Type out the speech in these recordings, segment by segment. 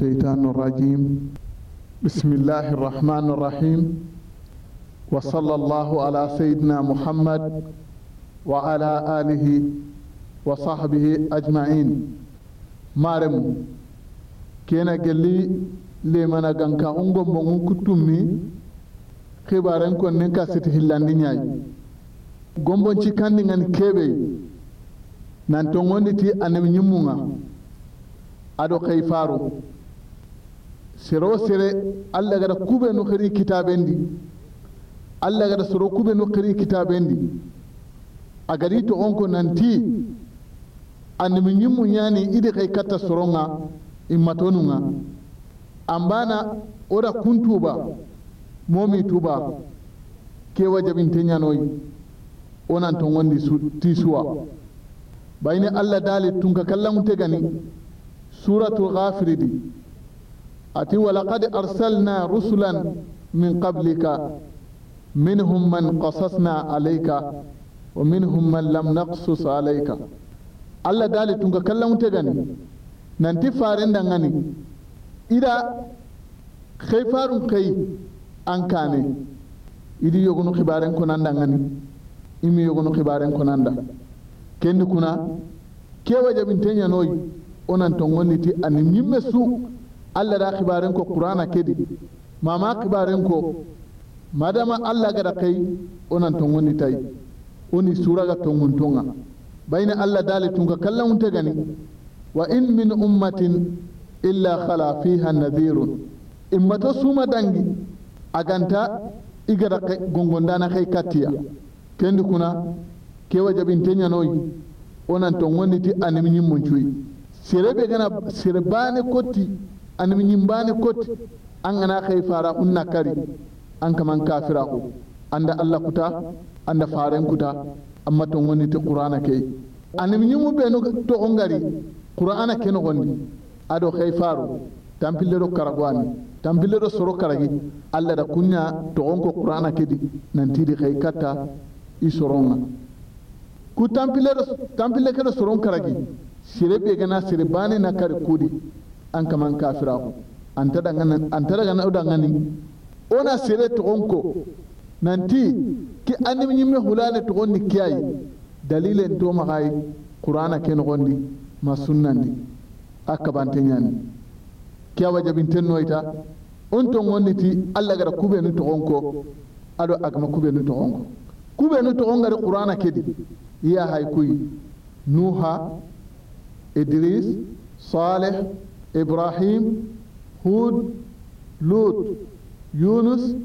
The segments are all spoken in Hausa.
الشيطان الرجيم بسم الله الرحمن الرحيم وصلى الله على سيدنا محمد وعلى آله وصحبه أجمعين مارم كينا جلي لمن غنكا أنغم بمو كتومي خبارن كون نكا ستهلان دنياي gombon ci kandi ngani kebe nan to ngondi ti anem nyimunga ado kay faru sero sere allah gada kube no kadi kitaɓendi allah gada soro kuɓe no kadi kitaɓendi a gadi to on ko nanti andimi ñimmu ñani idi kay katta soronga immatonunga ambana oda kun tuba momi tuba kewa jabinte ñanoyi onan to wani tisuwa, suwa bayni allah tun tunka kallangunte gani suratul gafiri di ati walaqad arsalna rusulan min qablika minhum man qasasna alayka wa minhum man lam naqsus alayka allah dali tunga kallan te gani ti faren da ngani ida kai farun kai an kane idi yogunu nan kunanda ngani imi yogunu kibaren kunanda kendi kuna kewa jabin tenya noyi onan tongoni ti ani nyimme su allah da kibarin ko qur'ana kedi mama kibarin ko madama allah ga da kai onan wani tai oni sura ga mun tonga baina allah tun tunga kallan ta gani wa in min ummatin illa khala fiha nadhir imma to suma dangi aganta igada na kai katiya kendi kuna kewa jabintenya noyi onan tongoni ti mun cuyi sirebe gana sirbani koti an min bani kot an ana kai fara unna kari an kaman kafira ku anda allah kuta anda faren kuta amma ton woni te qur'ana ke an min mu be no to ongari qur'ana ke no gondi ado kai faru tampille do karagwani tampille do soro karagi allah da kunya to onko qur'ana ke di nan tidi kai kata isoronga ku tampille do tampille ke do soron karagi sirebe gana sirebane bani na kari kudi an kaman kafira ku an ta daga dangana o dangani ona sere tukun ko nan ti ki an yi mai hula ne tukun ni kiyaye dalilin to ma kai kurana ke nukun nogondi ma sunnandi a kabante ñani kiya ita un on wani ti allah gara kube ni tukun ko ado a kama kube ni tukun ko kube ni tukun gari kurana ke di iya hay kuyi nuha idris saleh إبراهيم هود لوط يونس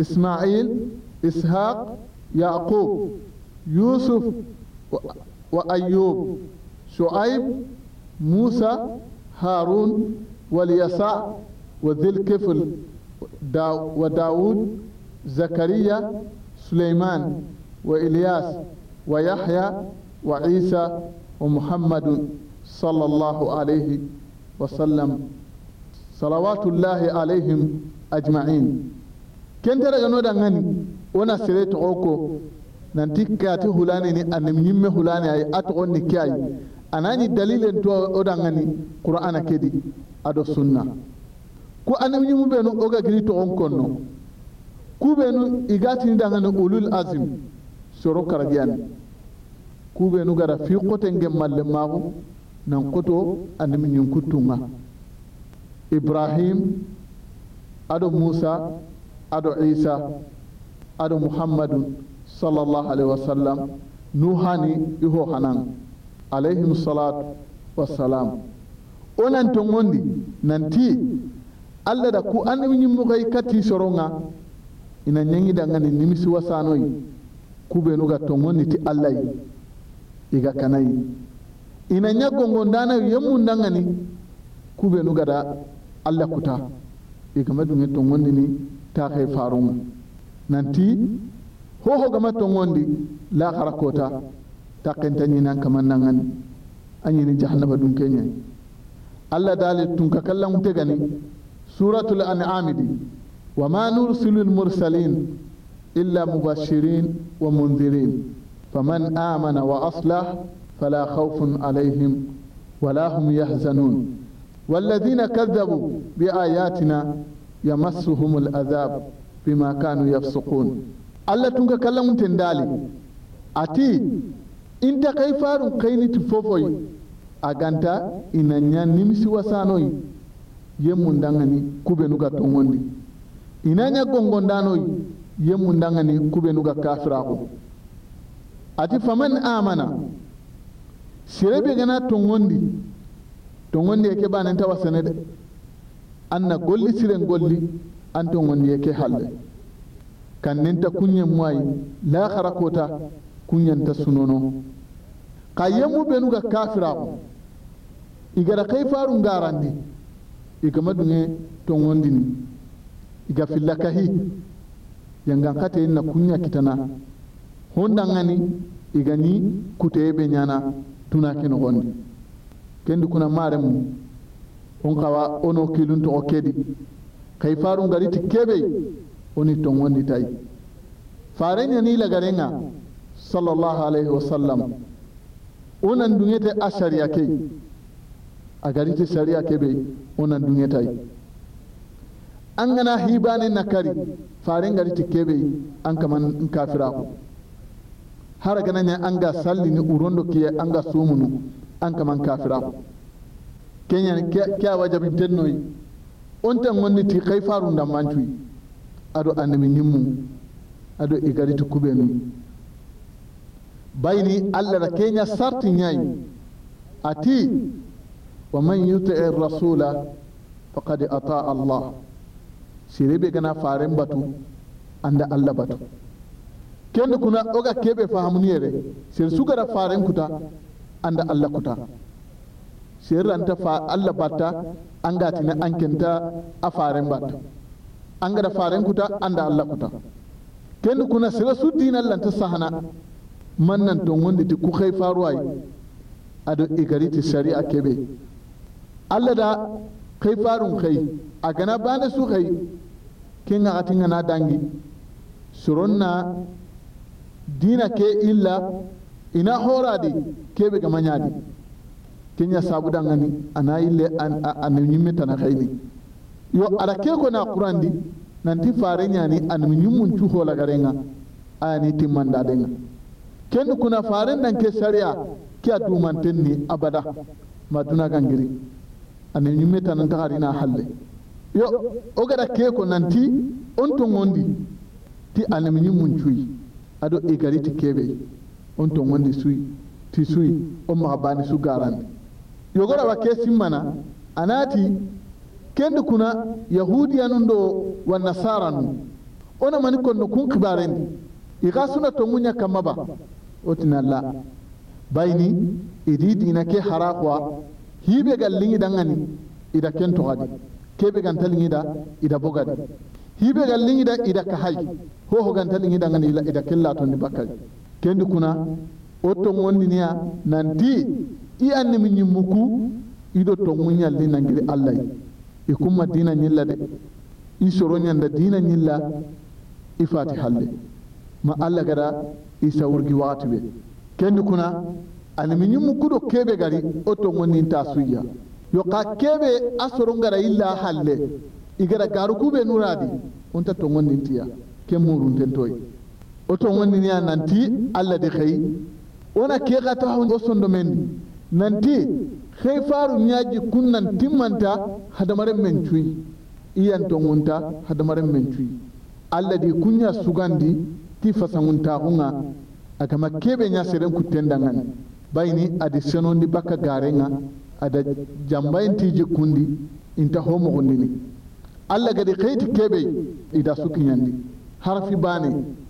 إسماعيل إسحاق يعقوب يوسف وأيوب شعيب موسى هارون واليسع وذي الكفل وداود زكريا سليمان وإلياس ويحيى وعيسى ومحمد صلى الله عليه وسلم wasallam salawatullahi alaihim ajma'in ken tara gano da ngani wana sire to oko nan tikka ti hulani ni anim himme hulani ay at ni kai anani dalilen to oda ngani qur'ana kedi ado sunna ko anim nyimu be no oga gri to on konno ku be no igati ni dangani ulul azim soro karagiyan ku be no gara fi qoten gem malle mago nan kuto a ñin kutunga ibrahim Ado musa Ado isa Ado Muhammadu sallallahu alaihi wasallam nuhani iho hanan alayhim salatu wasalam onan nan to gondi nanti alla da ku mu kai kati soronga ina ngani nimisi wasanoyi kuɓenuga to ngondi ti allai iga kanai. ina nya gongo ndana yemu ndangani kube nu gada alla kuta e gama dunge to ngondi ni ta kai farun nanti ho ho gama to ngondi la khara ta kenta ni nan kaman nan an anyi ni jahannama dun kenya alla dale tun ka kallan te gani suratul an'am di wa ma nursilul mursalin illa mubashirin wa munzirin faman amana wa aslah فلا خوف عليهم ولا هم يحزنون والذين كذبوا بآياتنا يمسهم العذاب بما كانوا يفسقون الله تونك كلام تندالي أتي إنت كيفار كيني تفوفوي أغانتا إنانيا نمسي وسانوي يمون دانغني كوبنوغا تونغوندي إنانيا غونغوندانوي يمون دانغني نوغا كافراغو أتي فمن آمنا sirebe gana tongondi tongondi yake banan tawa an na golli siren golli an tongondi yake halle kan ta kunyen muayi la harakota kunyen ta sunono kayyemu benu ga kafira ko igara kai farun garandi igama dunge tongondini iga fillakahi yangan yin na kunya kitana gani igani kutebe nyana tuna ke gondi kendi kuna maremu on kawa ono kilun to kedi kay faru ti kebe oni tongondi tay farenya ni lagarenga sallallahu alaihi wasallam onan dungete a sariya ke a gariti sariya kebe onan dungeta yi an gana hibane na kari farin gariti kebe an kaman kafira ko. hara gana ne an ga salli ni urondo ke an ga sumunu an kaman kafira kenya kya wajabin tennoi on tan ti kai da mancuyi ado annabi nimmu ado igari to kube bayni allah da kenya sarti nyayi ati wa man yuti'i er rasula faqad ata allah sirebe gana farin batu anda allah batu kende kuna oga kebe fahamuniyere su gara faren kuta anda allah kuta ser ranta fa allah batta na an kenta a faren batta gara faren kuta anda allah kuta kende kuna sera su dina lanta sahana man nan ton wonde ti ku a faruwai igari igariti shari'a kebe allah da khay farun a gana bane su khay kinga atinga na dangi suronna dina ke illa ina horadi kebe ga manyadi kenya sabu dangani ana ille ana nyimme tana khayni yo ada ke ko na qur'andi nanti fare nyani an nyummun tu hola garenga ani timmanda denga ken kuna fare dan ke sharia kiya dumantenni abada maduna gangiri ana nyimme tana tagari na halle yo o gada ke ko nanti on to ngondi ti an nyummun cuyi ado e gari ti kebe on ton wandi sui ti sui on ma bani su garandi yogora wa kesin mana anati kendo kuna yahudi anundo wa nasaranu ona mani no kun kibarendi iga suna to munya kamaba ba otina la bayni idid dina ke hara hibe gallingi dangani ida kento gadi kebe gantalingi da ida bogadi hibe galin ida ida ka hay ho ho lin ida ngani ila ida killa to ni bakal kendi kuna otto ngondi niya nanti i anni min nyimmuku ido to munyalli ngiri allah e kuma dina nyilla de i soro nyanda dina nyilla i fati halle ma allah gara i sawurgi wakati be kendi kuna anni min nyimmuku do kebe gari otto ngondi ta suya yo ka kebe asoro ngara illa halle igara garu kube nuradi unta to ngondi tiya kem murun ten toy o to ngondi ya nanti alla de khay Wana ke gata hon sondo men nanti khay faru nyaji kunnan timmanta hadamaren men cuyi iyan to ngonta hadamaren men cuyi alla de kunya sugandi ti fasangunta hunga agama kebe nya seren tendangan bayni adi senondi bakka garenga ada jambayin tiji kundi inta homo gondini allah gadi kayti keɓey ida yanni har fi ne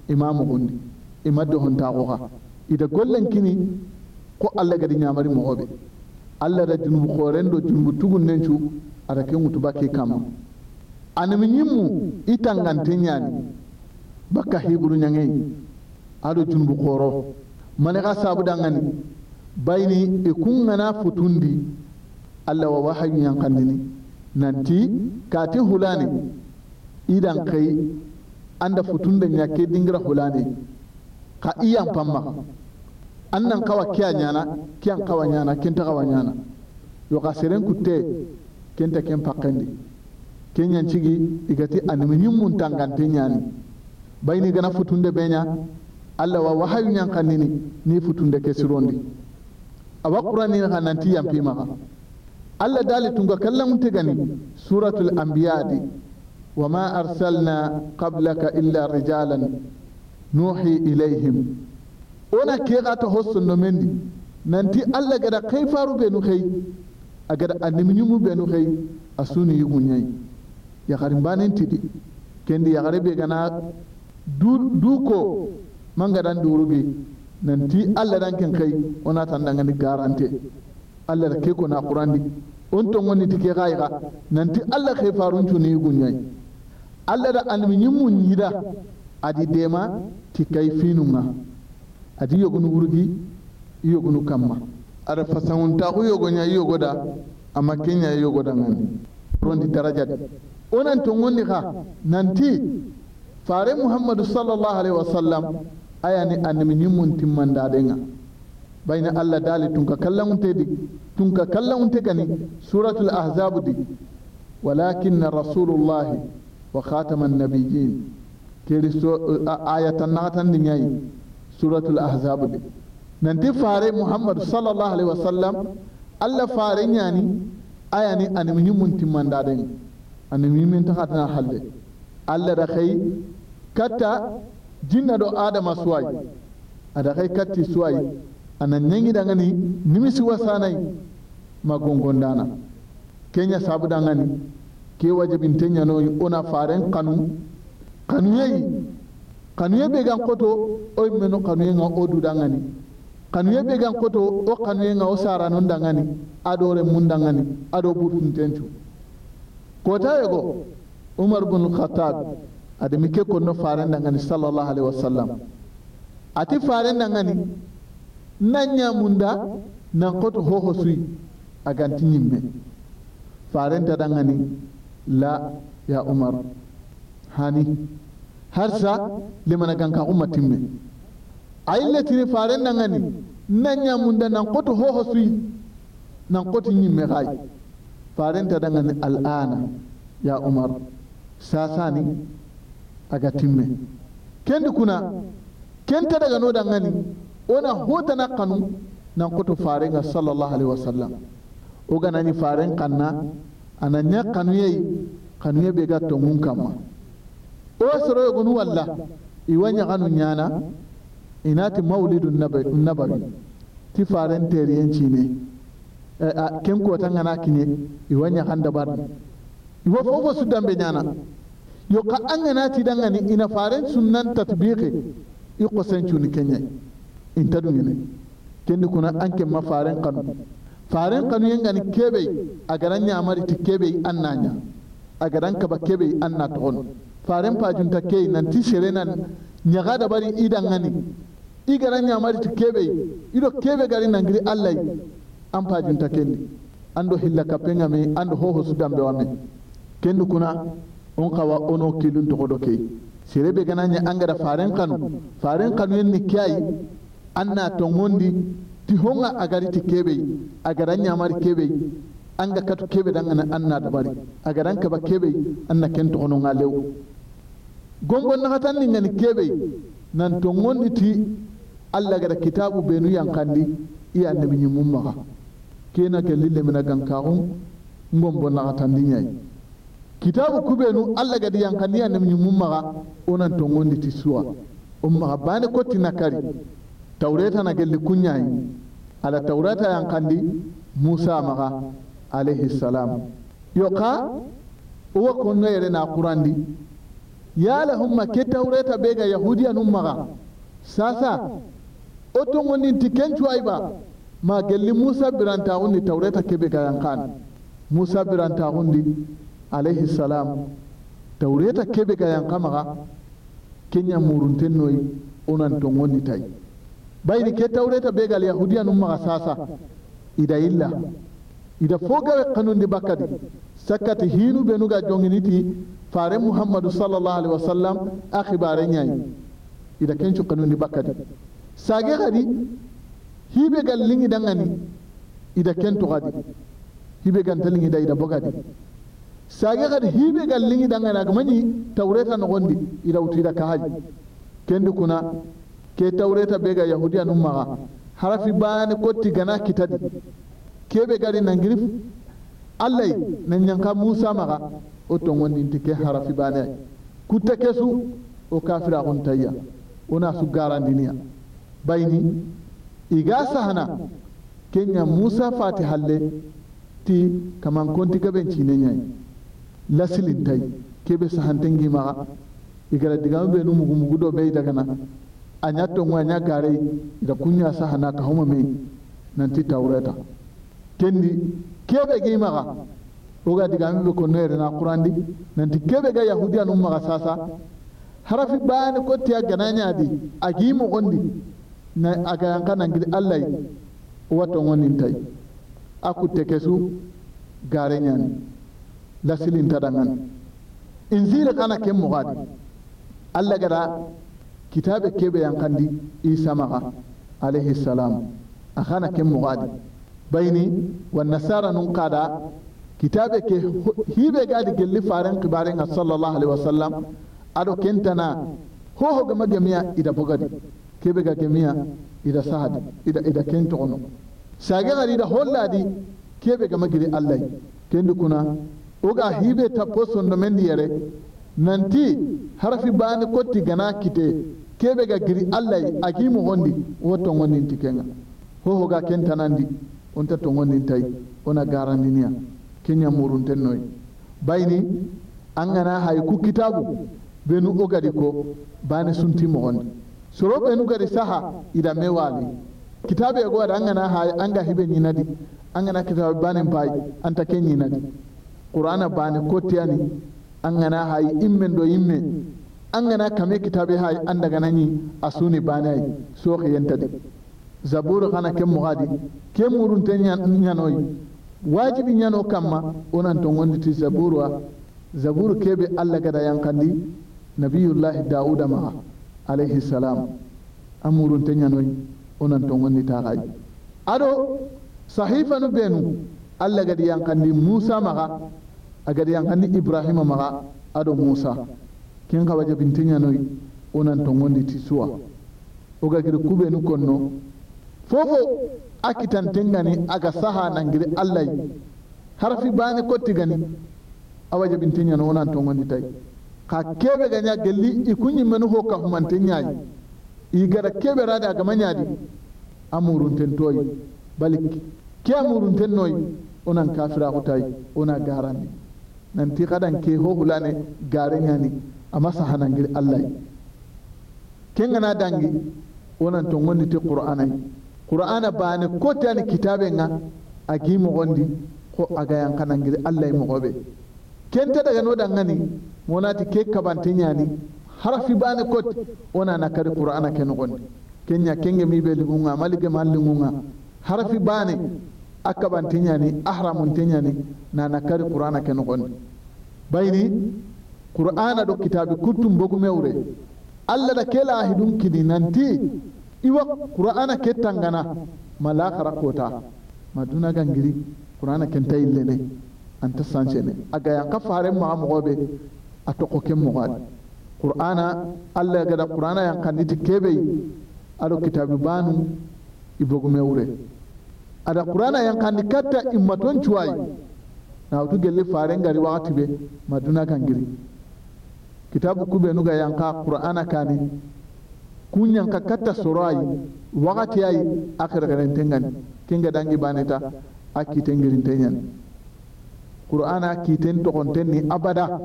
imamu da imadde hontaxoxa ida gollen kini ko allah nyamari ñamari moxoɓe allah da jinubu koren do jinubu tugun nen cu ba ke ŋutuba ke kamma anami ñimmu i tangante ñani bakka hiburu ñangeyi aɗo junubu xoro mane xa sabudangani bayni i kun ŋana futundi allah wa yankan ñankandini nanti kati hulane idan kai anda futun da nyake dingira hulane ka iyan pamma annan kawa kya nyana kiyan kawa nyana kenta kawa nyana yo ka seren kutte kenta ken pakandi kenyan cigi igati anminin mun tangante nyani bayni gana futun da benya Allah wa wahayu nyan kanini ni futun da kesirondi awa qur'ani nanti yan pima allah dali tunga kallam gani suratul anbiya di wa ma arsalna qablaka illa rijalan nuhi ilaihim ona ke ta hosun no mendi nanti allah gada kai faru benu xey a gada a kai benu xey a suni yuguñayi banin tidi kendi ya be gana du, du manga dan durugi nanti allah dan ken kai ona tandangani garante allah ke ko na qurandi on to ngoni tike gaiga nanti allah ke farun tuni gunyai allah da an min mun yida adi dema tikai finunga adi yogunu wurgi yogunu kamma ada fasangun ta ku yogonya yogoda amma kenya yogoda ngani rondi darajat onan to wani ha nanti fare muhammadu sallallahu alaihi wasallam ayani an min mun timmanda denga Baina allah dali tunka kallanŋunte di tunka kallanŋunte kani suratul ahzabu di na rasulullahi wa khatama na keri ayatannaxatandi ñayi suratul ahzabu di nanti fare muhammadu sallallahu alaihi wasallam allah fare ñani ayani animi ñimmun timmandaden animi min taxatana halle allah da xey katta jinna do adama suwayi ada xey katti suwayi ana ñeŋidangani nimisi wasanayi ma dana kenya sabudangani ke wajibinte ñanoyi ona faren kanu kanuyeyi kanuye be gan koto oy meno kanuye ya o dudangani kanuye be gan koto o kanuye ya o saranon dangani ado remun dangani ado ko ta yego umar bin khattab ademi ke kono faren dangani sallallahu alaihi wasallam ati faren dangani na ñamunda nan koto hoho suyi a ganti ta farenta ɗangani la ya umar hani har sa limana ganka umma timme ayi letiri faren ɗangani na ñamunda nan koto hoho suyi nan koto ñimme ta farenta ɗangani al'ana ya umar sasani aga timme kendi kuna kenta daga no ɗangani ona na kanu kutu koto ga sallallahu alaihi wasallam o ni faren kanna ana nya kanuye kanu be bega tongun kama o soro gunu walla wanya kanu nyana inati maulidun nabai ti faren teriyen ne e, a ken kota ngana kinye iwanya kan dabar iwo fofo su dambe nyana yo ka an ngana ti dangani ina faren sunnan tatbiqi i qosen cuni kenye inta dungine kendi kuna anke ma faren kanu faren kanu yengani kebe agara mari ti kebe an na a agaran kaba kebe an na toxono faren ti kei nan, serenan gada bari i gani i gara ñamari ti kebe ido kebe gari nangiri allai an ta kendi ando hilla kapenga me ando hoho su dambe wa me kendi kuna on kawa ono kilun toxodo kei serebe gana an gada faren kanu faren kanu yin ni ke anna ton hundi ti honga agari ti kebe agara nyamari kebe anga katu kebe dan ana anna dabari agaran ka ba kebe anna kento ono ngalew gongo na hatan ni ngani kebe nan ton hundi ti alla gara kitabu benu yankandi iya annabi nyimum maka kena ke lille mina gankarum ngombo na hatan ni nyai kitabu kubenu alla gadi yankandi annabi nyimum maka onan ton hundi ti suwa umma bane kotti nakari tawreta na gelli kunyai ala taureta yang kandi musa maka alaihi salam yoka uwa kunga yere na qurandi yala humma ke taureta bega yahudiya num maga sasa oto ngonin tikencu aiba ma gelli musa biranta undi tawreta kebe ga yang kan musa biranta undi alayhi salam tawreta kebe ga yang kamaga kenya murunten noy onan tongoni tai bayni ke tawreta begal yahudiyanum maxa sasa ida illa. ida fogare kanundi bakkadi sakkati hinu nuga jonginiti fare muhammadu sallallahu alaihi wasallam a xibare ñayi ida kencu kanundi bakkadi sage xadi hibe gal lingi dangani ida kentu xadi hibe ganta lingi da ida bogadi sage xadi hibe gal lingi dangani agamañi tawreta noxondi ida wutu ida kaxaji kendi kuna ke taureta bega yahudiya num maga harafi bani kotti gana kitadi kebe gari nangirif allai nan yanka musa maga o tongoninti ke harafi bane kutte kesu o kafira huntayya ona su garandiniya bayni iga sahana kenya musa fati halle ti kaman konti gaben cine ñayi lasilin tayi kebe sahantengi maga igara digamu be nu mugumugu do be na. anya tongwa anya gare ida kunya sa hana ka homa me nanti tawreta kendi kebe ge maga oga diga mi ko nere na qurandi nanti kebe ga yahudiya num maga sasa harafi bani ko tiya ya di a agimu ondi na a aga yanka nan gidi Allah wato ngonin tai aku tekesu gare nyani lasilin tadangan inzira kana kem di. Allah gara kitabe kebe kandi isa maga alaihi salam akhana ken mugadi bayni wa nasara nun qada kitabe ke hibe gadi gelli faran qibaren sallallahu alaihi wasallam ado kentana ho ho gama gamiya ida bogadi kebe ga gamiya ida sahadi ida ida kento ono sage gari da holladi kebe gama giri allai kendi kuna oga hibe ta sondo men yere nanti harafi bani koti gana kite kebe ga giri allai agi mu hondi wo tongonin tikenga ho ho ga kentanandi onta tongonin tai ona garandiniya kenya murunten noy bayni an gana hay ku kitabu benu ogadi ko bani sunti mo hondi soro benu gadi saha ida mewali kitabu ego ada an gana hay an ga hibe nyinadi an gana kitabu bani pai anta kenyinadi qur'ana bani kottiyani an gana in immen do yimme an gana kame kitabe hayi an daga nani asuni yi so yanta da zaburu kana kem mugadi ke murun tan wajibin wajibi kan ma onan ton gondi ta zaburu wa zaburu bi allah gada yankandi nabiyullahi dauda ma alaihi salam amurun tan nyanoy onan ton gondi ta hayi ado sahifanu benu allah gada yankandi musa maka gari yan hannun Ibrahim maha ado musa hawa kawa jabintenya noi, unan tongon ti tisuwa. oga gir kube nu konno fofo akitan tengani aga saha nangiri allah harfi bani kotti gani awa jabintenya no tongon tongondi tai. ka kebe ganya gelli ikunyi menu ho ka humantenya yi igara kebe rada aga manyadi amurunten toy balik ke amurunten noy unan kafira hutai ona garandi nanti kadan ke ho hulane garin yani hanan gir allah kenga na dangi wannan to wani te qur'ana qur'ana ne ko tan kitabe a agi mu gondi ko a ga yan gir allah mu gobe ta daga no gani monati ke kabante yani ba ne kot ona na kari qur'ana ken gondi kenya kenge mi be ligunga malige harfi ba ne akaban tinyani ahramun tinyani na nakari qur'ana ke nogondi bayni qur'ana do kitabi kuttum bogumewre allah da kela lahidun kini nanti iwa qur'ana ke tangana malakara kota maduna gangiri qur'ana kenta illene anta sancene aga yanka faren maga mogoɓe a ke ken mogoadi qur'ana allah gada qur'ana yankanditi keɓey aɗo kitabi banu ibogumewre ada qur'ana yankandi katta immaton na nawtu gelle farengari wakati be maduna kan giri kitabu kube nuga yanka qur'ana kani kun yanka katta soro ayi wakati akhir a kerkerentengani kenga dangi baneta a kitengirinteñani qur'ana kiten togonten ni abada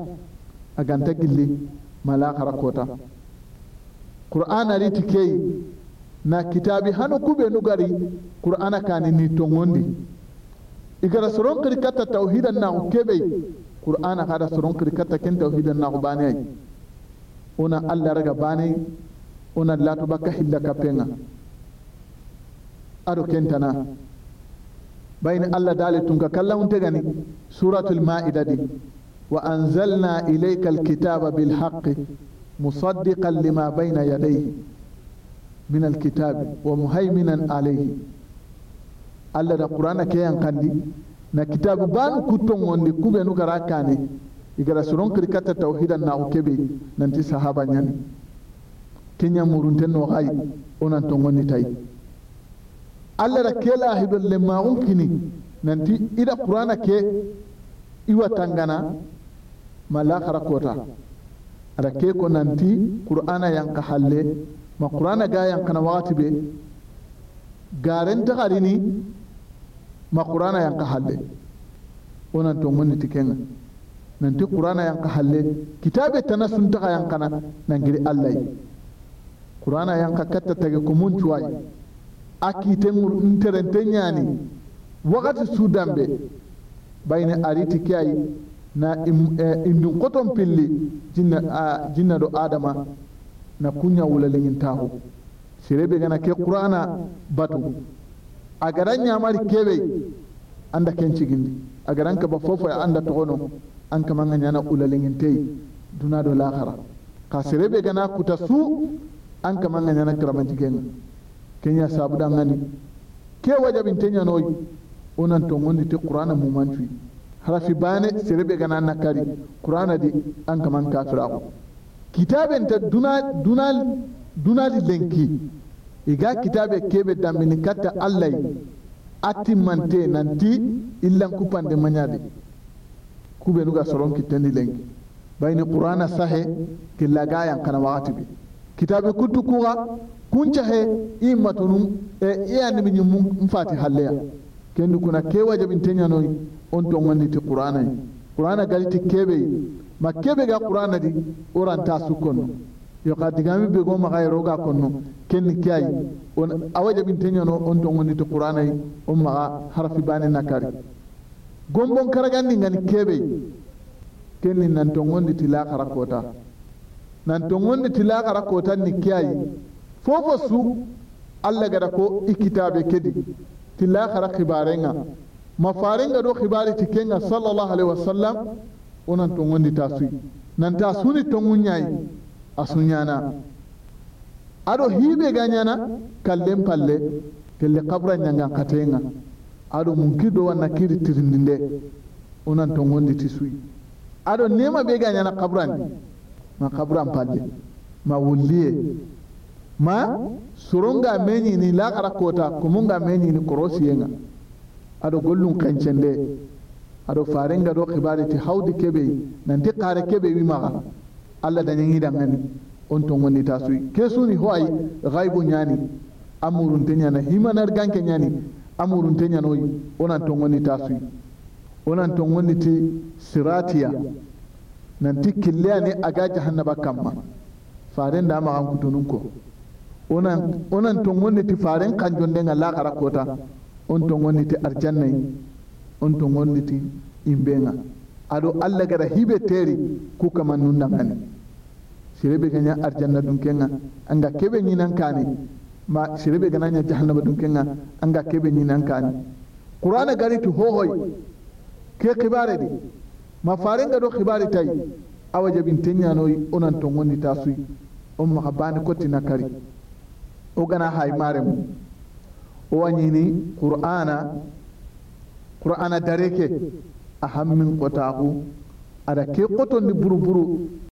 a ganta gilli mala kara kota qur'ana ritikei na kitabi hanu kube nugari qur'ana kani ni tongondi igara soron kiri kata tauhidan na kebe qur'ana kada soron kiri kata ken tauhidan na bane una allah raga bane una latu baka hilla kapenga ado kentana bayin allah dale tunka kallawun tegani suratul ma'ida di wa anzalna ilayka alkitaba bilhaqqi musaddiqan lima bayna yadayhi min alkitabi wa muhaiminan alayhi allah na qur'ana ke yankandi na kitabu banu kutongondi nu gara kane igara soron kirkata tauhidan na ukebe nanti sahaba nyani kenya murunten no ay onan tongoni tay allah da kela hibel le maun kini nanti ida qur'ana ke iwa tangana malakhara kota ada ke ko nanti qur'ana yang kahalle ma qur'ana ga yankana wakati be garen tagarini ma qur'ana yanka halle onan to mun ti kenga nanti qur'ana yanka halle kitabe tana sun taga nan nangiri allah qur'ana yanka katta tage ko mun cuwai akitengur nterente ñani wakati sudanɓe bayne ariti ke ayi na eh, indun koton pilli jinna, ah, jinna do adama na kunya wulalingin taho sirebe gana ke qur'ana batu a garan nyamari kebe anda kenci gindi a garan ka ba anda tono an kama na nyana wulalingin tei duna do lahara ka sirebe gana kuta su an kama nga na karamanci genga kenya sabu da ngani ke wajabin tenya noy onan to ngondi te qur'ana mu manci harafi bane sirebe gana nakari qur'ana di an kama kafira ko kitaben ta duna duna duna lenki iga kitabe kebe damini katta allah ati mante nanti illan kupan de kupande manyadi kube nuga soron kitendi lenki bayni qur'ana sahe killaga yan kana wakati bi kitabe kutu kuga kunca he i matunun e, e iya ni min mun fati halleya kendi kuna ke wajabin tenyano on to ngondi ti qur'ana qur'ana galiti kebe ma kebe ga qur'ana di oranta su kono, yo ka digami be go ma ga e roga konno kenni kiyai on awaje bin no on to ngoni to qur'ana yi on ma harfi bani nakari gombon karagandi ngani kebe ni nan to ngondi tila rakota nan to ngondi tila rakota ni kiyai fofo su alla gada ko ikitabe kedi tila rakibarenga nga mafarenga do khibari tikenga sallallahu alaihi wasallam onan ton wonni ta suyi nan ta suni ton ŋuñayi a suñana hi be ga ñana kallen palle kelle kabra ñangan katenga aɗo mun kirɗo wanna kiri tirindi nde onan ton wondi ti suyi aɗo nema be ga ñana kabrani ma kabran palle ma wulliye ma soronga meñini lakara kota komunga meñini korosiyenga aɗo gollum kencen nde aɗo farenga ɗo hibariti hawdi kebe nanti kare keɓe wimaxa allah da ngani on to ta suyi ke suni ho ay xaybu ñani a murunte ñana himanar ganke te a murunte ñanoyi onan to ta suyi onan to ti siratiya nanti killeyani aga jahannaba kamma faren da an kutunun ko onan to gonditi faren kanjondenga laxara kota on to ti arjannai on to gonditi imbenga ado allah gada hibe teri ku kama ngani sirebe ganya arjanna dun kenga anga kebe nyinan kani ma sirebe gananya jahannama dun kenga anga kebe nyinan kani qur'ana gari tu hohoy ke khibare di ma farenga do khibare tay awa tenya noy onan to ngondi tasui on ma habani koti kari o gana hay mare mu o wanyini qur'ana qur'ana dareke a hammin a da ke qotondi buru buru